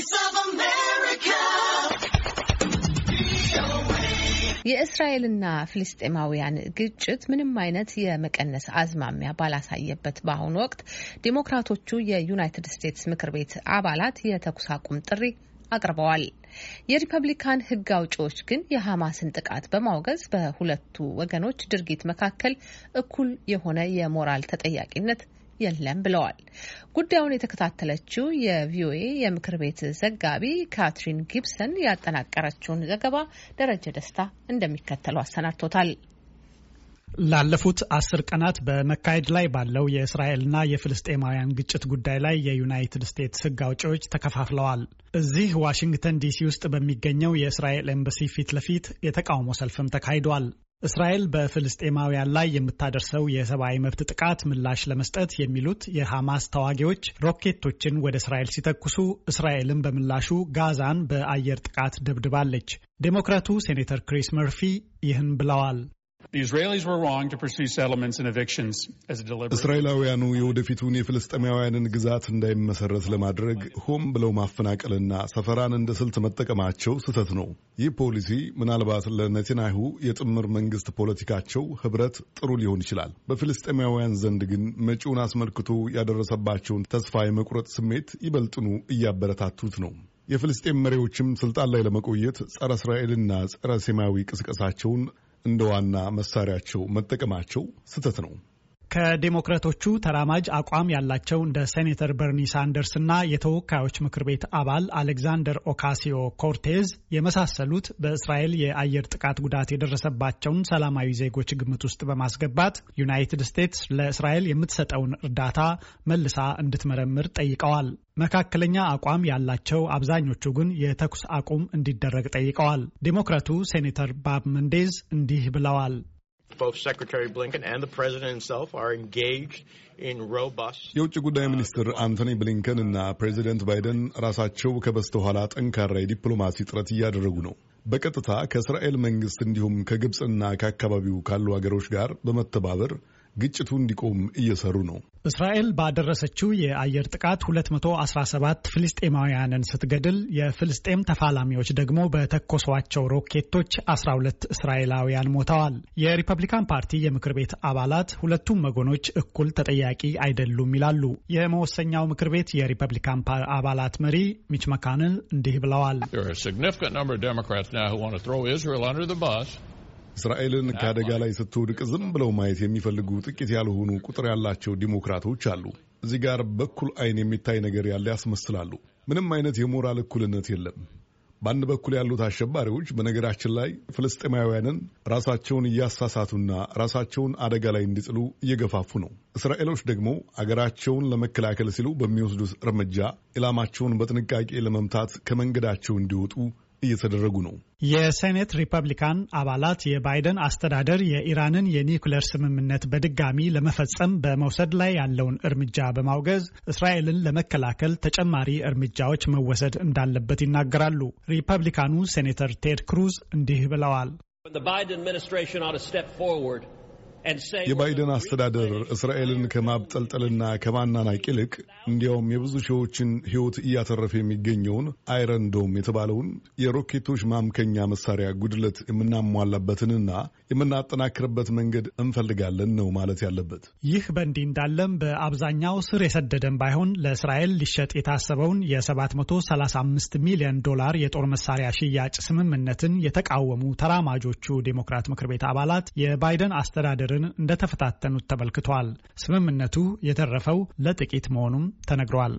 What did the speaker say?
Voice of America. የእስራኤልና ፍልስጤማውያን ግጭት ምንም አይነት የመቀነስ አዝማሚያ ባላሳየበት በአሁኑ ወቅት ዴሞክራቶቹ የዩናይትድ ስቴትስ ምክር ቤት አባላት የተኩስ አቁም ጥሪ አቅርበዋል። የሪፐብሊካን ሕግ አውጪዎች ግን የሐማስን ጥቃት በማውገዝ በሁለቱ ወገኖች ድርጊት መካከል እኩል የሆነ የሞራል ተጠያቂነት የለም ብለዋል። ጉዳዩን የተከታተለችው የቪኦኤ የምክር ቤት ዘጋቢ ካትሪን ጊብሰን ያጠናቀረችውን ዘገባ ደረጀ ደስታ እንደሚከተለው አሰናድቶታል። ላለፉት አስር ቀናት በመካሄድ ላይ ባለው የእስራኤልና የፍልስጤማውያን ግጭት ጉዳይ ላይ የዩናይትድ ስቴትስ ሕግ አውጪዎች ተከፋፍለዋል። እዚህ ዋሽንግተን ዲሲ ውስጥ በሚገኘው የእስራኤል ኤምባሲ ፊት ለፊት የተቃውሞ ሰልፍም ተካሂዷል። እስራኤል በፍልስጤማውያን ላይ የምታደርሰው የሰብአዊ መብት ጥቃት ምላሽ ለመስጠት የሚሉት የሐማስ ተዋጊዎች ሮኬቶችን ወደ እስራኤል ሲተኩሱ እስራኤልም በምላሹ ጋዛን በአየር ጥቃት ደብድባለች። ዴሞክራቱ ሴኔተር ክሪስ መርፊ ይህን ብለዋል። እስራኤላውያኑ የወደፊቱን የፍልስጤማውያንን ግዛት እንዳይመሰረት ለማድረግ ሆም ብለው ማፈናቀልና ሰፈራን እንደ ስልት መጠቀማቸው ስህተት ነው። ይህ ፖሊሲ ምናልባት ለኔታንያሁ የጥምር መንግስት ፖለቲካቸው ህብረት ጥሩ ሊሆን ይችላል። በፍልስጤማውያን ዘንድ ግን መጪውን አስመልክቶ ያደረሰባቸውን ተስፋ የመቁረጥ ስሜት ይበልጥኑ እያበረታቱት ነው። የፍልስጤም መሪዎችም ስልጣን ላይ ለመቆየት ጸረ እስራኤልና ጸረ ሴማዊ ቅስቀሳቸውን እንደ ዋና መሳሪያቸው መጠቀማቸው ስህተት ነው። ከዴሞክራቶቹ ተራማጅ አቋም ያላቸው እንደ ሴኔተር በርኒ ሳንደርስ እና የተወካዮች ምክር ቤት አባል አሌክዛንደር ኦካሲዮ ኮርቴዝ የመሳሰሉት በእስራኤል የአየር ጥቃት ጉዳት የደረሰባቸውን ሰላማዊ ዜጎች ግምት ውስጥ በማስገባት ዩናይትድ ስቴትስ ለእስራኤል የምትሰጠውን እርዳታ መልሳ እንድትመረምር ጠይቀዋል። መካከለኛ አቋም ያላቸው አብዛኞቹ ግን የተኩስ አቁም እንዲደረግ ጠይቀዋል። ዴሞክራቱ ሴኔተር ባብ መንዴዝ እንዲህ ብለዋል። both Secretary Blinken and the President himself are engaged in robust የውጭ ጉዳይ uh, ሚኒስትር አንቶኒ ብሊንከን እና ፕሬዚደንት ባይደን ራሳቸው ከበስተኋላ ጠንካራ የዲፕሎማሲ ጥረት እያደረጉ ነው። በቀጥታ ከእስራኤል መንግስት እንዲሁም ከግብፅና ከአካባቢው ካሉ አገሮች ጋር በመተባበር ግጭቱ እንዲቆም እየሰሩ ነው። እስራኤል ባደረሰችው የአየር ጥቃት 217 ፍልስጤማውያንን ስትገድል የፍልስጤም ተፋላሚዎች ደግሞ በተኮሷቸው ሮኬቶች 12 እስራኤላውያን ሞተዋል። የሪፐብሊካን ፓርቲ የምክር ቤት አባላት ሁለቱም ወገኖች እኩል ተጠያቂ አይደሉም ይላሉ። የመወሰኛው ምክር ቤት የሪፐብሊካን አባላት መሪ ሚች መካንል እንዲህ ብለዋል። እስራኤልን ከአደጋ ላይ ስትወድቅ ዝም ብለው ማየት የሚፈልጉ ጥቂት ያልሆኑ ቁጥር ያላቸው ዲሞክራቶች አሉ። እዚህ ጋር በኩል አይን የሚታይ ነገር ያለ ያስመስላሉ። ምንም አይነት የሞራል እኩልነት የለም። በአንድ በኩል ያሉት አሸባሪዎች በነገራችን ላይ ፍልስጤማውያንን ራሳቸውን እያሳሳቱና ራሳቸውን አደጋ ላይ እንዲጥሉ እየገፋፉ ነው። እስራኤሎች ደግሞ አገራቸውን ለመከላከል ሲሉ በሚወስዱት እርምጃ ኢላማቸውን በጥንቃቄ ለመምታት ከመንገዳቸው እንዲወጡ እየተደረጉ ነው። የሴኔት ሪፐብሊካን አባላት የባይደን አስተዳደር የኢራንን የኒውክሌር ስምምነት በድጋሚ ለመፈጸም በመውሰድ ላይ ያለውን እርምጃ በማውገዝ እስራኤልን ለመከላከል ተጨማሪ እርምጃዎች መወሰድ እንዳለበት ይናገራሉ። ሪፐብሊካኑ ሴኔተር ቴድ ክሩዝ እንዲህ ብለዋል። የባይደን አስተዳደር እስራኤልን ከማብጠልጠልና ከማናናቅ ይልቅ እንዲያውም የብዙ ሺዎችን ሕይወት እያተረፈ የሚገኘውን አይረንዶም የተባለውን የሮኬቶች ማምከኛ መሳሪያ ጉድለት የምናሟላበትንና የምናጠናክርበት መንገድ እንፈልጋለን ነው ማለት ያለበት። ይህ በእንዲህ እንዳለም በአብዛኛው ስር የሰደደን ባይሆን ለእስራኤል ሊሸጥ የታሰበውን የ735 ሚሊዮን ዶላር የጦር መሳሪያ ሽያጭ ስምምነትን የተቃወሙ ተራማጆቹ ዴሞክራት ምክር ቤት አባላት የባይደን አስተዳደር ድርድርን እንደተፈታተኑት ተመልክቷል። ስምምነቱ የተረፈው ለጥቂት መሆኑም ተነግሯል።